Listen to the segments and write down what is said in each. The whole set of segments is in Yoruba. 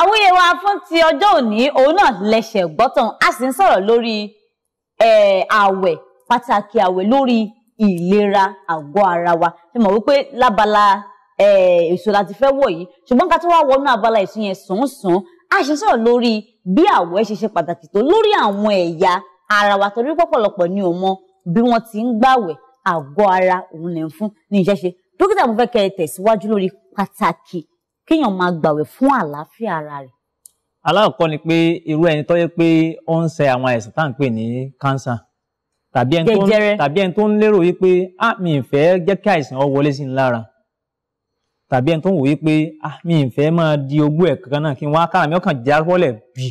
àwíyé wa fún ti ọjọ́ òní òun náà lẹsẹ̀ gbọ́tàn a sì ń sọ̀rọ̀ lórí ààwẹ̀ pàtàkì ààwẹ̀ lórí ìlera àgọ́ ara wa ṣe mọ̀ wípé lábala èso láti fẹ́ wọ̀ yìí ṣùgbọ́n ká tó wá wọnú abala èso yẹn sùnsùn a ṣe sọ̀rọ̀ lórí bí ààwẹ̀ ṣe ṣe pàtàkì tó lórí àwọn ẹ̀yà ara wa torí pọ̀pọ̀lọpọ̀ ni ò mọ bí wọ́n ti ń gbàwẹ̀ àgọ́ ara òun lè ń fún ní ìṣẹ́ṣe dókítà mo fẹ́ kẹ́ ẹ tẹ̀síwájú lórí pàtàkì kéèyàn máa gbàwẹ̀ fún àlàáfíà ara rẹ̀. alákọ̀ọ́ ni pé irú ẹni tó yẹ pé ó ń ṣe àwọn àìsàn tá à ń pè ní cancer. tàbí ẹni tó ń lérò yìí pé ah mi ì fẹ́ jẹ́ kí àìsàn ọ wọlé sí i lára tàbí ẹni tó ń wòye pé ah mi ì fẹ́ máa di ogún ẹ̀ kankan náà kí n wá kára mi ọkàn já wọlé bì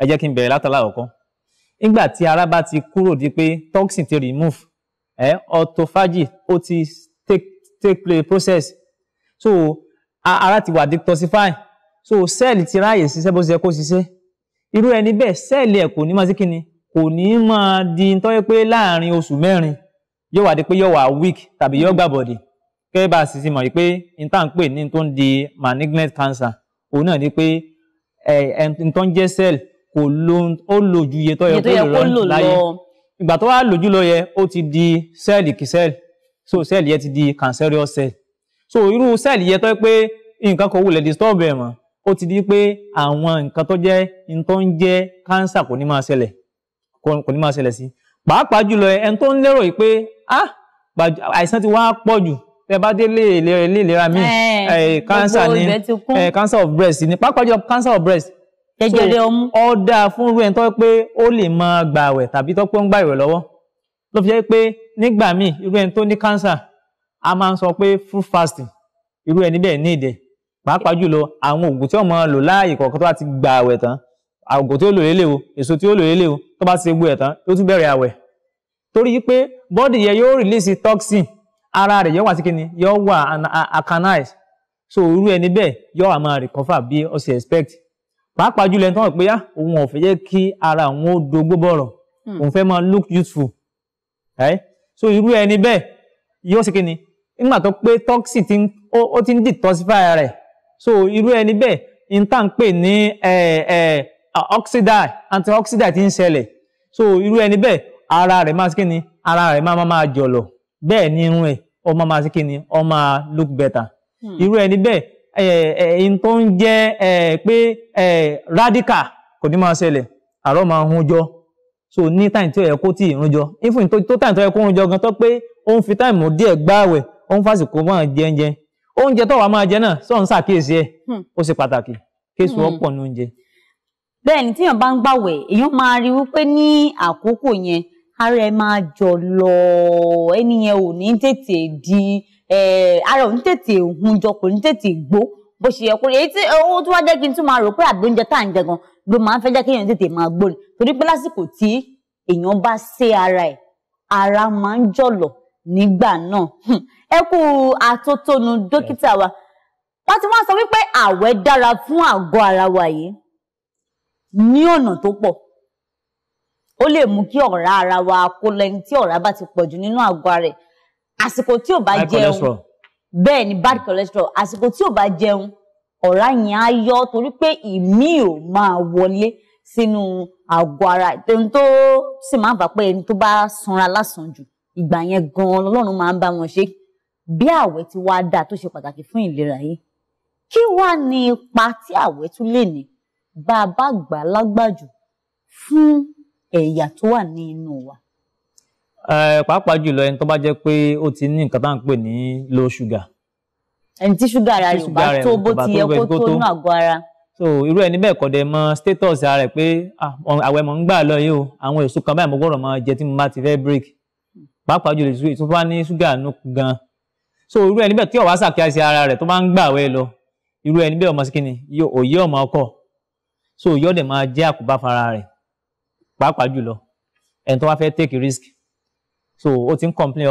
ẹ jẹ́ kí n bẹ̀rẹ̀ látàlá ọ̀kọ́ nígbà tí ara bá ti kúrò di pé toxin ti remove ẹ eh, autophagy ó ti take take play process so ara ti wà detoxify so sẹ́ẹ̀lì ti ráàyè ṣiṣẹ́ bó ṣe yẹ kó ṣiṣẹ́ irú ẹni bẹ́ẹ̀ sẹ́ẹ̀lì ẹ̀ kò ní máa ṣe kí ni kò ní máa di tọ́jú pé láàrin oṣù mẹ́rin yóò wá di pé yóò wá weak tàbí yóò gbà bọ̀dì kẹ́ bá a sì ti mọ̀ pé n tá à ń pè ní tó ń di malignant cancer òun náà ni pé n tó ń jẹ́ sẹ́ẹ̀lì kò lo ó lò ju iye tó yẹ kó lò láyé ìgbà tó wá lò jù lọ yẹ ó ti di sẹ́ẹ̀lì kì sẹ́ẹ̀lì so sẹ́ẹ̀lì yẹ ti di cancerous cell so irú sẹ́ẹ̀lì yẹ tó yẹ pé nǹkan kò wulẹ̀ disturb ẹ̀ mọ́ ó ti di pé àwọn nǹkan tó jẹ́ nǹkan ń jẹ́ cancer kò ní máa ṣẹlẹ̀ kò ní máa ṣẹlẹ̀ sí pàápàá jùlọ ẹni tó ń lérò yìí pé ah àìsàn ti wá pọ̀ jù tẹ bá dé lé ìlera ilé ìlera mi eh, eh, cancer ni eh, cancer of breast ni pàápàá jùlọ cancer of breast jẹjẹrẹ ọmú ó dáa fún irú ẹni tó pé ó lè máa gbààwẹ̀ tàbí tó pé ó ń gbààwẹ̀ lọ́wọ́ ló fi jẹ́ pé nígbà míì irú ẹni tó ní cancer a máa ń sọ pé full fasting irú ẹni bẹ́ẹ̀ ní ìdẹ pàápàá jùlọ àwọn oògùn tí wọ́n máa lò láàyè kọ̀ọ̀kan tó bá ti gba àwẹ̀ tán oògùn tí ó lò lélẹ̀ o èso tí ó lò lélẹ̀ o tó bá ti ṣe gbé ẹ̀ tán ó tún bẹ̀rẹ̀ àwẹ̀ torí pé bọ́dì yẹn yóò release toxin ara rẹ̀ yóò wà sí kíni yóò wà alkaline so irú ẹni bẹ́ẹ̀ yóò wà máa recover bí ó ṣe expect pàápàá jùlọ ẹni tó wọ́n pé yá òun ò fẹ́ jẹ́ kí ara òun ó dogbó bọ̀rọ̀ hmm. òun fẹ́ máa look youthful right? so irú ẹni bẹ́ẹ̀ yóò ṣe kíni nígbà tó pé toxin ti ó ti ń detoxify rẹ̀ so irú ẹni bẹ́ẹ̀ in tá à ń pè ní oxidai antioxidai ti ń ṣẹlẹ̀ so irú ẹni bẹ́ẹ̀ ara rẹ̀ máa kí ni ara rẹ̀ máa máa jọ̀lọ̀ bẹ́ẹ̀ ni irun ẹ̀ ó máa máa kí ni ó máa look better hmm. irú ẹni bẹ́ẹ̀ in tó ń jẹ́ pé radical kò ní máa ṣẹlẹ̀ àárọ̀ máa hun jọ so ní táyìn tí ó yẹ kó tí ì rún jọ ifun tó táyìn tó yẹ kó rún jọ gan tó pé ó ń fi táyìn díẹ̀ gbáwẹ̀ ó ń fàsìkò máa jẹ oúnjẹ oúnjẹ tó wà máa jẹ náà sọ ń ṣàkíyèsí ẹ hmm. ó ṣe pàtàkì kéṣù hmm. ọ̀pọ̀ ní oúnjẹ. bẹ́ẹ̀ ni tíyàn bá ń gbàwẹ̀ èèyàn máa rí wípé ní àkókò yẹn ara ẹ máa jọ lọ ẹni ò ní tètè di ara ò ní tètè hun jọ kò ní tètè gbó bó ṣe yẹ kó èyí tí owó tó wá jẹ́ kí n tún máa rò pé àbí oúnjẹ tá à ń jẹ gan ló máa ń fẹ́ jẹ́ kí èèyàn tètè máa gbó ni torí pé lásìkò tí èèyàn bá ṣe ara ẹ̀ ara máa ń jọ̀lọ̀ nígbà náà hmm ẹ kú àtótónu dókítà wa wọ́n ti wọ́n sọ wípé àwẹ̀ dára fún àgọ́ ara wa yìí ní ọ̀nà tó pọ̀ ó lè mú kí ọ̀rá ara wa kó lẹ́ni tí ọ̀rá bá ti pọ̀jù nínú àgọ́ rẹ̀ àsìkò tí ò bá jẹun bẹ́ẹ̀ ni bad cholesterol àsìkò tí ò bá jẹun ọ̀rá yẹn á yọ torí pé ìmí ò máa wọlé sínú àgọ́ ara ẹni tó sì máa bà pé ẹni tó bá sanra lásán jù ìgbà yẹn gan-an máa ń bá wọn ṣe bí àwẹ̀ ti wá dáa tó ṣe pàtàkì fún ìlera yìí kí wá ní ipa tí àwẹ̀ tún lè ní bá a bá gbà á lágbàjù fún ẹ̀yà tó wà ní inú wa. pàápàá jùlọ ẹni tó bá jẹ́ pé ó ti ní nǹkan tá à ń pè ní low sugar. ẹni tí ṣúgà ara rẹ̀ ò bá tó bó ti yẹ kó tó nù àgọ́ ara. so irú ẹni bẹ́ẹ̀ kọ́ dẹ̀ mọ status ara rẹ̀ pé àwẹ̀ mọ̀ ń gbà lọ yìí o àwọn èso kan báyìí mo gbọ́dọ̀ máa jẹ tí mo bá ti fẹ́ break pàápàá jùlọ èso tó bá ní ṣúgà nù gan-an so irú ẹni bẹ́ẹ̀ tí ó wá ṣàkíyèsí ara rẹ̀ tó bá ń gbààwẹ̀ lọ irú ẹni bẹ́ẹ̀ ọmọ sí kíni òye ọmọ ọkọ̀ so òye ọ̀dẹ̀ máa jẹ́ àkóbá fara rẹ̀ pàápàá jùlọ ẹni tó wá fẹ́ take risk so ó ti ń complain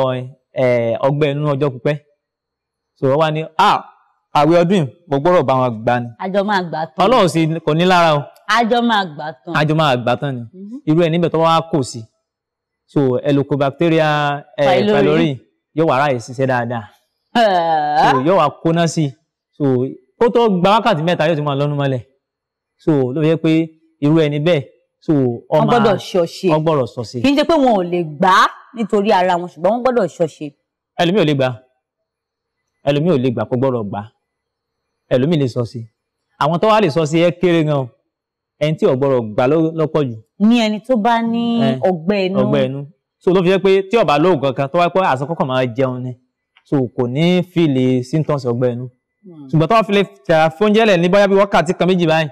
ọgbẹ́ inú ọjọ́ pípẹ́ so wọ́n wá ní ah àwẹ̀ ọdún mo gbọ́dọ̀ bá wọn gbà ni. àjọ máa gbà tán. ọlọ́run sì kò ní lára o. àjọ máa gbà tán. àjọ máa gbà tán ni mhm. irú ẹ̀ níbẹ̀ tó wá kò sí so Helicobacter pylori yóò wà ráyè ṣiṣẹ́ dáadáa so yóò wá kóná sí i so ó tó gba wákàtí mẹ́ta yóò ti máa lọ́nu mọ́lẹ̀ so ló yẹ pé irú ẹni bẹ́ẹ̀ so ọmọ gbọ́dọ̀ ṣọṣe wọ́n gbọ́dọ̀ ṣọṣe kì í ṣe pé wọn ò lè gbà á nítorí ara wọn ṣùgbọ́n wọ́n gbọ́dọ̀ ṣọṣe. ẹlòmíì ò lè gbà ẹlòmíì ò lè gbà kó gbọ́dọ̀ gbà ẹlòmíì lè ṣọṣe àwọn tó wá lè ṣọṣe ẹ kéré gan ẹni tí ò gbọ́dọ̀ gbà lọ́pọ̀ jù. ní ẹni tó bá ní ọgbẹ́ inú. ọgbẹ́ inú so ló fi jẹ́ pé tí ó bá lóògùn kankan tó wá pé àsọkọ́kọ̀ máa jẹun ni so kò ní fìlè symptoms ọgbẹ́ inú hmm. ṣùgbọ́n tó wọ́n fi lè tẹ̀ra fóúnjẹ́lẹ̀ ní bóyá bí wákàtí kan méjì báyìí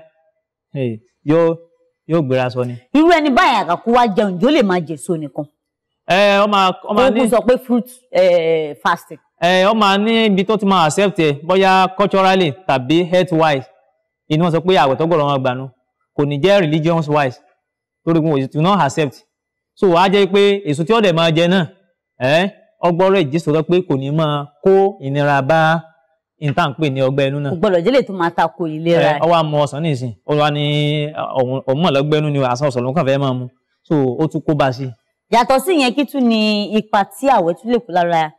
yóò yóò gbéra sọ ni. irú ẹni báyìí àkàkú wá jẹun jó lè máa jèso nìkan. ẹ ọ máa ọ máa ní. oògùn sọ pé fruit fasting. ẹ ọ máa ní ibi tó ti máa accept ẹ bóyá culturally tàbí health wise ìní wọn sọ pé àwẹ̀ tọ́gbọ̀rọ̀ wọn gbanú kò ní jẹ́ religion wise torí wọn ò sì náà accept so wàá jẹ́ pé èso tí ọ̀dẹ̀ máa jẹ náà ọgbọ́rọ̀ ìjì sọ̀rọ̀ pé kò ní máa kó ìnira bá ìta ń pè ní ọgbẹ́ inú náà. gbọ́dọ̀ jẹ́lẹ̀ tó máa tako ìlera. ẹ ọwọ́ àmọ́ ọ̀sán nìsín ó wá ní ọmọ ọlọ́gbẹ́ inú ni àṣà ọ̀sán ló kàn fẹ́ máa mu so ó tún kó bá a sí. yàtọ̀ sí yẹn kí tún ni ipa tí àwẹ̀ tún lè kó lára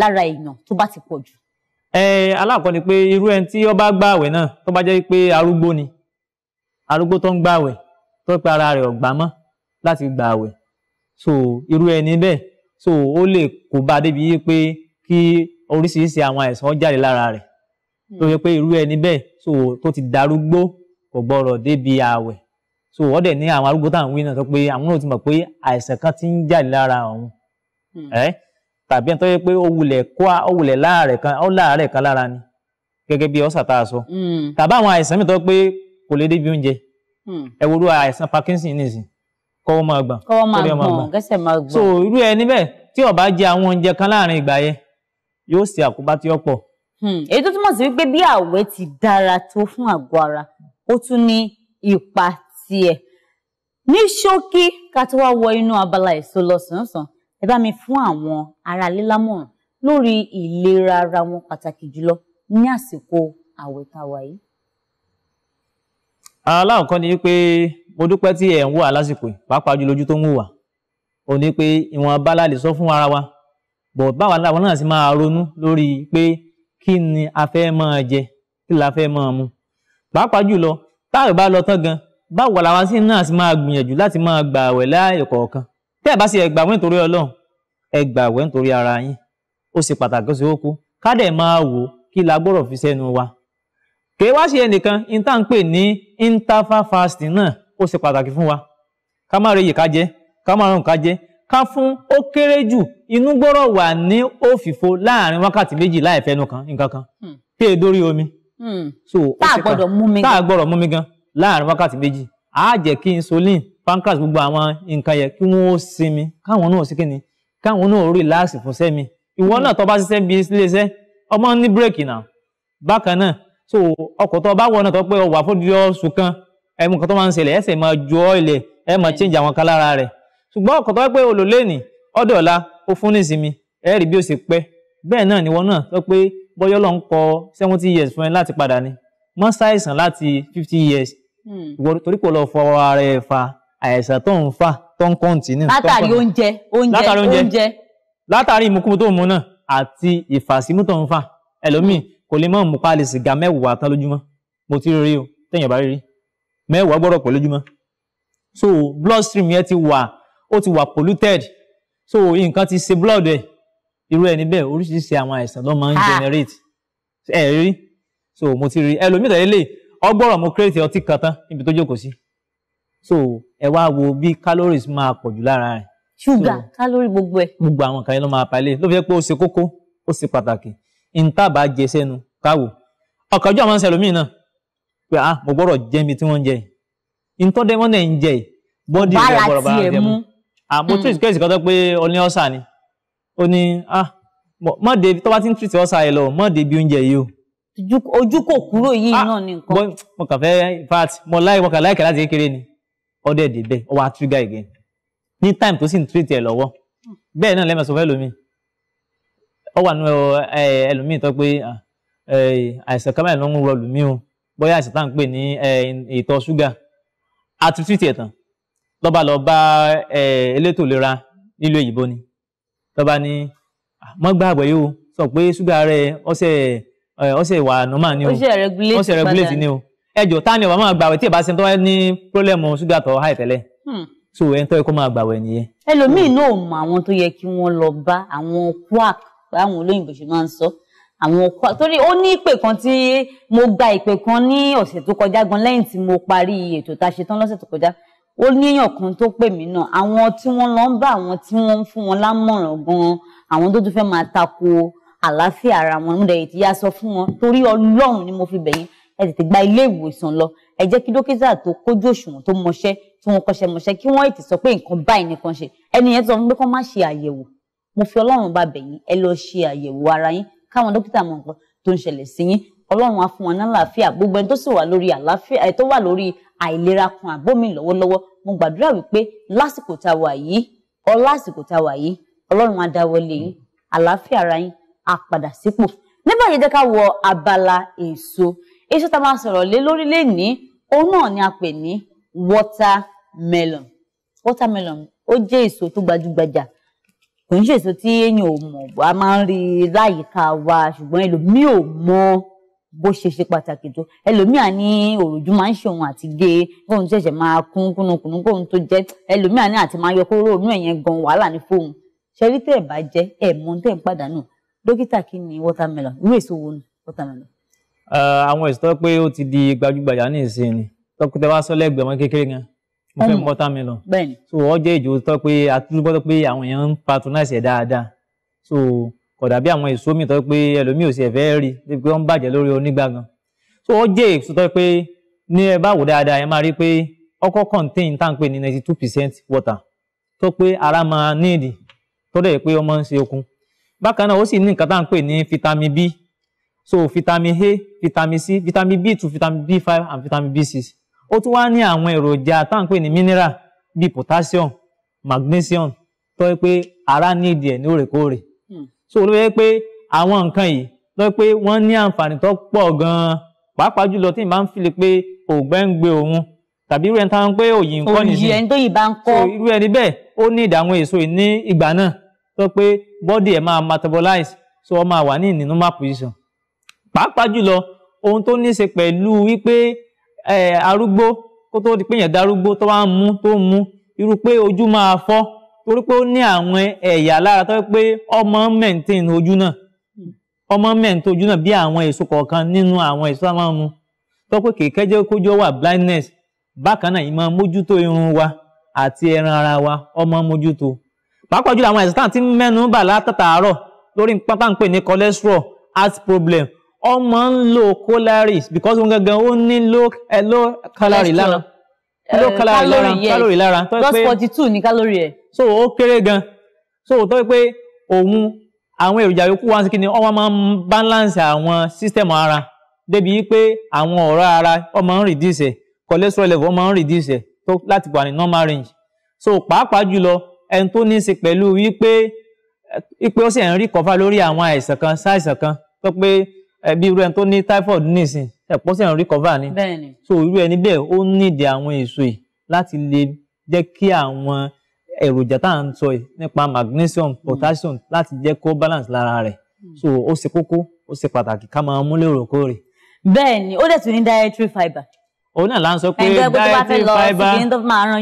lára èèyàn tó bá ti pọ̀ jù. ẹ alákọ̀ọ́ ni pé irú ẹni tí ó bá gba àwẹ̀ náà tó bá jẹ́ pé arúgbó ni arúgbó tó ń gba àwẹ̀ tó pé ara rẹ̀ ọ̀gbá láti gba àwẹ̀ so irú ẹni bẹ́ẹ̀ so ó lè kó bá débi yí pé kí oríṣiríṣi àwọn àìsàn jáde lára rẹ̀ hmm. tó yẹ pé irú ẹni bẹ́ẹ̀ so tó ti darúgbó kò gbọ́rọ̀ débi ààwẹ̀ so wọ́n dẹ̀ ní àwọn arúgbó tá à ń wí náà sọ pé àwọn náà ti mọ̀ pé àìsàn kan ti ń jáde lára òun hmm. ẹ tàbí ẹni tó yẹ pé ó wulẹ̀ kó ó wulẹ̀ láàrẹ̀ kan ó láàrẹ̀ kan lára ni gẹ́gẹ́ bí ọ̀sà tá a sọ hmm. tàbí àwọn àìsàn mi tó pé kò lè débi oúnjẹ ẹ wo irú àìsàn Parkinson nìsín kọ́wọ́ máa gbọ̀n kọ́wọ́ máa gbọ̀n gẹ́sẹ̀ máa gbọ̀n. so irú ẹ níbẹ̀ tí ó bá jẹ àwọn oúnjẹ kan láàrin ìgbà yẹn yóò ṣe àkóbá tí ó pọ̀. Hmm, èyí tó túmọ̀ sí wípé bí àwẹ̀ ti dára tó fún àgọ́ ara ó tún ní ipa tiẹ̀ ní ṣókí ká tó wá wọ inú abala èso lọ sàn-sàn ẹ bá mi fún àwọn ará ilé lámọ̀ràn lórí ìlera ara wọn pàtàkì jùlọ ní àsìkò àwẹ̀ tá a wà yìí. aláǹkan ni pé. Pe mo dúpẹ́ tí ẹ̀ ń wò lásìkò pàápàá jù lójú tó ń wò wá ò ní pé ìwọ̀n bá láàlè sọ fún ara wa bọ̀ báwa làwọn náà sì máa ronú lórí pé kí ni a fẹ́ máa jẹ kí la fẹ́ máa mu pàápàá jùlọ táàrẹ̀ bá lọ tán gan báwo làwọn sí náà sì máa gbìyànjú láti máa gbà àwẹ̀ láàyè kọ̀ọ̀kan tẹ́ ẹ̀ bá sì ẹ̀ gbàwẹ̀ nítorí Ọlọ́run ẹ̀ gbàwẹ̀ nítorí ara yín ó ṣe pàtàkì ó ṣe kókó ká dẹ̀ máa wò kí la gbọ́dọ̀ fi sẹ́nu wa é wá ṣe ẹnìkan ní tá à ń pè ní interval fasting náà ó ṣe pàtàkì fún wa ká má rèyè ká jẹ ká má rùn ká jẹ ká fún ó kéré jù inú gbọ́rọ̀ wà ní òfìfo láàrin wákàtí méjì láì kan nǹkan kan hmm. pé e dórí omi. Hmm. tá a gbọ́dọ̀ mú mi gan tá a gbọ́dọ̀ mú mi gan láàrin wákàtí méjì á kí insulin pancreas gbogbo àwọn nǹkan yẹn kí wọ́n ó sinmi káwọn náà sí kíni káwọn náà ó rìláàsì fún sẹ́mi ìwọ hmm. náà tó bá ṣiṣẹ́ bí iléeṣẹ́ ọmọ ní bírèkì náà bákan náà so ọkọ̀ tó bá náà pé ọwà fún kan ẹmu nǹkan tó máa ń ṣẹlẹ̀ ẹsẹ̀ máa ju ọ́ ilẹ̀ ẹ máa change àwọn kan lára rẹ̀ ṣùgbọ́n ọkọ̀ tó pé olò lẹ́nì ọ̀dọ̀ ọ̀la ó fún ní ìsinmi ẹ rí bí ó ṣe pẹ́ bẹ́ẹ̀ náà ni wọ́n náà sọ pé bọ́yọ́ lọ ń kọ seventy years fún ẹ láti padà ni mọ́ ṣàìsàn láti fifty years hmm. torí kò lọ fọ ara ẹ fa àìsàn tó ń fà tó ń kọ́ntínú. látàrí oúnjẹ oúnjẹ oúnjẹ látàrí ìmukúmu tó ń mu náà àti ìfàsímú tó ń fà ẹlòmíì kò lè mọ̀ mẹ́wàá gbọ́dọ̀ pẹ̀lú ojúmọ́ so blood stream yẹn ti wà ó ti wà polluted so nǹkan ti ṣe blood ẹ̀ irú ẹni bẹ́ẹ̀ oríṣiríṣi àwọn àìsàn ló máa ń ah. generate ẹ rí so mo ti rí ẹlòmíràn lélẹ̀ ọgbọ́rọ̀ mo create ọtí kan tán níbi tó jókòó sí so ẹ wá wo bí calories máa pọ̀ jù lára rẹ̀ ṣúgà kálórì gbogbo ẹ̀. gbogbo àwọn kan yẹn ló máa palẹ̀ ló fi jẹ́ pé ó ṣe kókó ó ṣe pàtàkì ntàbà jẹ sẹ́nu káwò ọ̀kànjọ́ àwọn ṣẹlòmíì náà pé ah mo gbọ́dọ̀ jẹ́mi tí wọ́n ń jẹ ntọ́dẹ wọn náà ń jẹ bọ́dì rẹ̀ gbọ́dọ̀ bá jẹ mú àmọ́ tí ìsìkẹ́ ìsìkọ́ tó pé ó ọ̀sà ni ó ní ah mọ̀ dé tó bá ti ń tìrìtì ọ̀sà yẹn lọ mọ̀ dé bí oúnjẹ yìí o ojú kò kúrò yìí ah, náà ni nǹkan. mo kàn fẹ́ fat mo láì mo kàn láìka láti kékeré ni ọdẹ dè bẹ́ẹ̀ ó wá again ní time tó sì ń treat ẹ lọ́wọ́ bẹ́ẹ̀ náà lẹ́mẹ̀sọ fẹ́ lómi ọ wà nínú eh, ẹlòmíì tó pé ah, eh, bóyá àìsàn tá à ń pè ní ìtọ̀ ṣúgà àti títì ẹ̀tàn lọ́ba lọ bá elétò ìlera nílùú èyìnbó ni lọ́ba ní mọ́ gbàgbọ́ yìí o sọ pé ṣúgà rẹ ọ̀sẹ̀ ọ̀sẹ̀ ìwà nọ́mà ni o ọ̀sẹ̀ regulate ni o ẹjọ́ tá ni ọba máa gbàwẹ̀ tí ìbá ṣe tó wá ní pírọ́lẹ́mù ṣúgà tó háì tẹ́lẹ̀ hmm. so ẹni tó yẹ kó máa gbàwẹ̀ nìyẹn. ẹlòmíín náà mọ àwọn tó yẹ kí wọ́n lọ bá àwọn quack báwọn olóyìnbó ṣe máa ń sọ àwọn ọkọ torí ó ní ìpè kan tí mo gba ìpè kan ní ọ̀sẹ̀ tó kọjá gan lẹ́yìn tí mo parí ètò tá a ṣe tán lọ́sẹ̀ tó kọjá ó níyàn kan tó pè mí náà àwọn tí wọ́n lọ ń bá àwọn tí wọ́n ń fún wọn lámọ̀ràn gan àwọn tó tún fẹ́ máa tako àlàáfíà ara wọn mo dẹ̀ yá sọ fún wọn torí ọlọ́run ni mo fi bẹ̀yìn ẹ tètè gba ilé ìwòsàn lọ ẹ jẹ́ kí dókítà tó kójú òṣùwọ̀n tó mọṣẹ́ tí wọ́n kọ́ṣẹ́ mọṣẹ́ kí wọ́n ètè sọ pé nǹkan báyìí nìkan ṣe ẹni yẹn sọ fún pé kó má ṣe àyẹ̀wò mo fi ọlọ́run bá bẹ̀yìn ẹ lọ ṣe àyẹ̀wò ara yín káwọn dókítà mọ nǹkan tó ń ṣẹlẹ̀ sí yín ọlọ́run á fún wọn ní àlàáfíà gbogbo ẹni tó sì wà lórí àlàáfíà tó wà lórí àìlera kan àbómi lọ́wọ́lọ́wọ́ mo gbàdúrà wípé lásìkò tá a wà yìí ọ lásìkò tá a wà yìí ọlọ́run á dáwọ́lé yín àlàáfíà ara yín á padà sípò ní báyìí jẹ́ ká wọ abala èso èso tá a máa sọ̀rọ̀ lé lórí lẹ́ni òun náà ni a pè ní watermelon watermelon ó jẹ́ èso tó gbajúgbajà kò ń ṣèso tí èèyàn ò mọ̀ a máa ń rí i láyìíká wa ṣùgbọ́n ẹlòmíì ò mọ bó ṣe ṣe pàtàkì tó ẹlòmíì à ní òròjú máa ń ṣe òun àti gé kóun ṣẹ̀ṣẹ̀ máa kún kúnnukùnú kóun tó jẹ́ ẹlòmíì à ní àti máa yọ kóró òun ẹ̀yẹn gan wàhálà ní fóun ṣẹ́rí tẹ́ ẹ̀ bá jẹ́ ẹ̀ mọ tẹ́ ẹ̀ ń pàdánù dókítà kí ni watermelon irú èso wo ni watermelon. àwọn èso tó pé ó ti di gbajúgbajà ní ìsìn ni tọkùtẹ wá sọ lẹ́gbẹ̀ẹ́ ọmọ kékeré gan mo fẹ́ watermelon bẹ́ẹ̀ni so ọ jẹ́ ìjò tó pé atúnúgbọ́tọ́ pé àwọn èèyàn ń patronize ẹ̀ dáadáa so kò dàbí àwọn èso mi tó pé ẹlòmíì ò sì ẹ̀fẹ́ rí i pé wọ́n ń bàjẹ́ lórí onígbàgàn so ọ jẹ́ èso tó pé ní ẹ bá wò dáadáa ẹ máa rí pé ọkọ̀ contain tá à ń pè ní ninety two percent water tó pé ara máa níìdì tó dẹ̀ pé ọmọ ń ṣe okun bákan náà ó sì ní nǹkan tá à ń pè ní vitamin B so vitamin A vitamin C vitamin B two vitamin B five and vitamin B six ó tún wá ní àwọn èròjà táwọn pè ní mineral bíi potassium magnesium tó yẹ pé ara nídìí ẹ̀ ní òrèkóòrè hmm. so ló yẹ pé àwọn nǹkan yìí ló yẹ pé wọ́n ní àǹfààní tó pọ̀ gan-an pàápàá jùlọ tí ìbá ń fìlè pé òògbẹ́ ń gbé òun tàbí irú ẹni táwọn pé òyì kọ́ nìyí òyì ẹni tó yìí bá ń kọ́ irú ẹni bẹ́ẹ̀ ó ní ìdààmú èso yìí ní ìgbà náà tó pé bọ́dì ẹ̀ máa metabolize so ọ máa wà ní normal position pàápàá jùlọ ohun tó ní í ṣe pẹ̀lú wípé arúgbó kó tó di pé èèyàn darúgbó tó wá ń mú tó ń mú irú pé ojú máa fọ́ torí pé ó ní àwọn ẹ̀yà lára tó pé ọmọ mẹ́ǹtẹ́n ojú náà ọmọ mẹ́ǹtẹ́n ojú náà bí àwọn èso kọ̀ọ̀kan nínú àwọn èso tá máa ń tó pé kèké jẹ́ kójú wà blindness bákan náà ìmọ̀ mójútó irun wa àti ẹran ara wa ọmọ mójútó pàápàá jùlọ àwọn àìsàn tí mẹ́nu bà látàtàárọ̀ lórí pátá ń pè ní cholesterol heart problem ọmọ ń lo calories because òun gangan ó ní low eh, low calorie lára low eh, calorie lára calorie lára tó pé plus forty two ní calorie ẹ̀. so ó kéré gan so tó pé òun àwọn èròjà yòókù wá sí kí ni wọ́n máa ń balance àwọn system ara débi pé àwọn ọ̀rá ara wọ́n ń reduce cholesterol level wọ́n máa ń reduce ẹ̀ tó láti wà ní normal range so pàápàá jùlọ ẹni tó ní í ṣe pẹ̀lú wípé wípé ó sì ń rí kọfà lórí àwọn àìsàn kan ṣáìsàn kan tó pé ẹbí irú ẹni tó ní typhoid nísìn ẹ̀pọ̀ sì ń recover ni so irú ẹni bẹ́ẹ̀ ó nídìí àwọn èso yìí láti lè jẹ́ kí àwọn èròjà tá à ń sọ yìí nípa magnesium hmm. potassium láti jẹ́ kó balance lára rẹ̀ hmm. so ó ṣe kókó ó ṣe pàtàkì ká máa mú lóòrèkóòrè. bẹ́ẹ̀ ni ó dẹ̀ tún ní dietary fibre. òun náà là ń sọ pé dietary fibre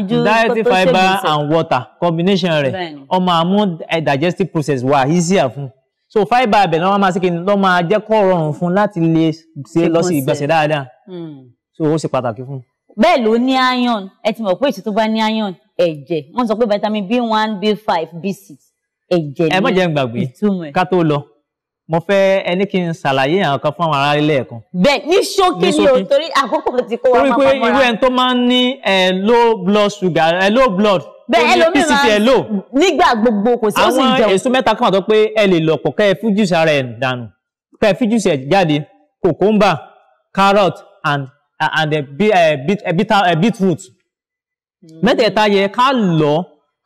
dietary fibre and water combination rẹ̀ ó máa mú eh, digestive process wà easier fún un so fáìbà abẹ̀ náà wọ́n máa ṣe kí ni lọ́ máa jẹ́ kó rọrùn fún láti lè ṣe lọ sí ìgbọ̀nsẹ̀ dáadáa hmm. so ó ṣe pàtàkì fún. bẹ́ẹ̀ ló ní iron ẹ ti mọ̀ pé ètò tó bá ní iron ẹ̀jẹ̀ wọ́n sọ pé vitamin b one b five b six ẹ̀jẹ̀ ní ìtumọ̀ ẹ̀ má jẹ́ n gbàgbé ká tó lọ mo fẹ́ ẹni kí n ṣàlàyé àwọn kan fún àwọn ará ilé ẹ̀kan. bẹ́ẹ̀ ní ṣókí ni o torí àkókò ti kó wa máa fọmọra. torí pé irú ẹni tó máa ń ní eh, low blood sugar eh, low blood bẹ́ẹ̀ ẹlòmíì máa nígbà gbogbo kò sí ó sì jẹun. àwọn èso mẹ́ta kan àtọ́ pé ẹ lè lọ̀pọ̀ kẹ́ ẹ fújúṣe ara ẹ̀ dànù kẹ́ ẹ fújúṣe jáde cucumber carrot and and uh, bit, eh, beetroot. Hmm. mẹ́tẹ̀ẹ̀ta yẹ ká lọ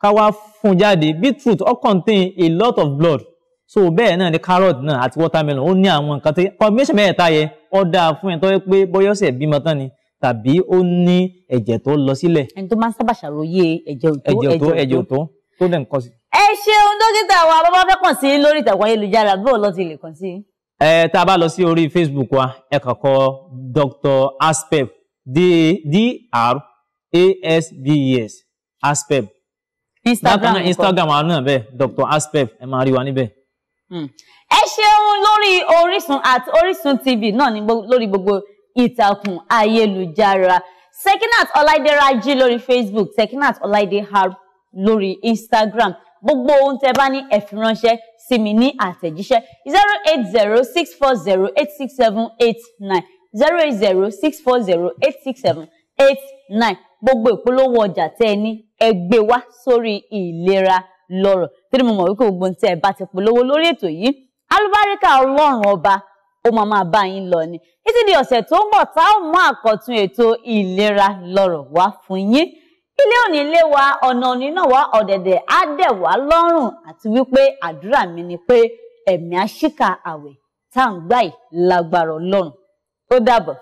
ká wá fún jáde beetroot ó contain a lot of blood so bẹ́ẹ̀ náà ni carrot náà àti watermelon ó ní àwọn nǹkan tó combination mẹ́tẹ̀ẹ̀ta yẹ ó dáa fún ẹ tó yẹ pé bóyọ́sẹ̀ bímọ tán ni tàbí ó ní ẹ̀jẹ̀ tó lọ sílẹ̀. ẹni tó máa ń sábà ṣàròyé ẹ̀jẹ̀ òtó ẹ̀jẹ̀ òtó ẹ̀jẹ̀ òtó tó dẹ̀ ń kọ sí. ẹ ṣeun dókítà wa bá fẹ́ kàn sí lórí ìtàkùn ayélujára bó lọ ti lè kàn sí. ẹ tá a bá lọ sí orí facebook wa ẹ kàn kọ dr aspeb d-r-a-s-b-e-s e aspeb. instagram náà instagram wa náà bẹ́ẹ̀ dr aspeb ẹ máa rí wa níbẹ̀ hmm. ẹ ṣeun lórí Orísun àti Orísun TV náà ní lórí gbogbo ìtàkùn ayélujára Sekinat Ọláìdé Rájí lórí Facebook Sekinat Ọláìdé har lórí Instagram gbogbo ohun tẹ bá ní ẹ fi ránṣẹ́ sí mi ní àtẹ̀jíṣẹ́ zero eight zero six four zero eight six seven eight nine zero eight zero six four zero eight six seven eight nine gbogbo ìpolówó ọjà tẹ ẹ ní ẹ gbé wá sórí ìlera lọ́rọ̀ torí mo mọ̀ wípé gbogbo ohun tẹ ẹ bá ti polówó lórí ètò yìí alúbáríkà Ọlọ́run ọba ó máa máa bá yín lọ ni títí di ọ̀sẹ̀ tó ń bọ̀ tá ó mú àkọ́tún ètò ìlera lọ́rọ̀ wá fún yín ilé òní lé wa ọ̀nà òní náà wá ọ̀dẹ̀dẹ̀ á dẹ̀ wá lọ́rùn àti wípé àdúrà mi ni pé ẹ̀mí àṣìkà àwẹ̀ tá à ń gbà yìí lágbára ọlọ́run ó dàbọ̀.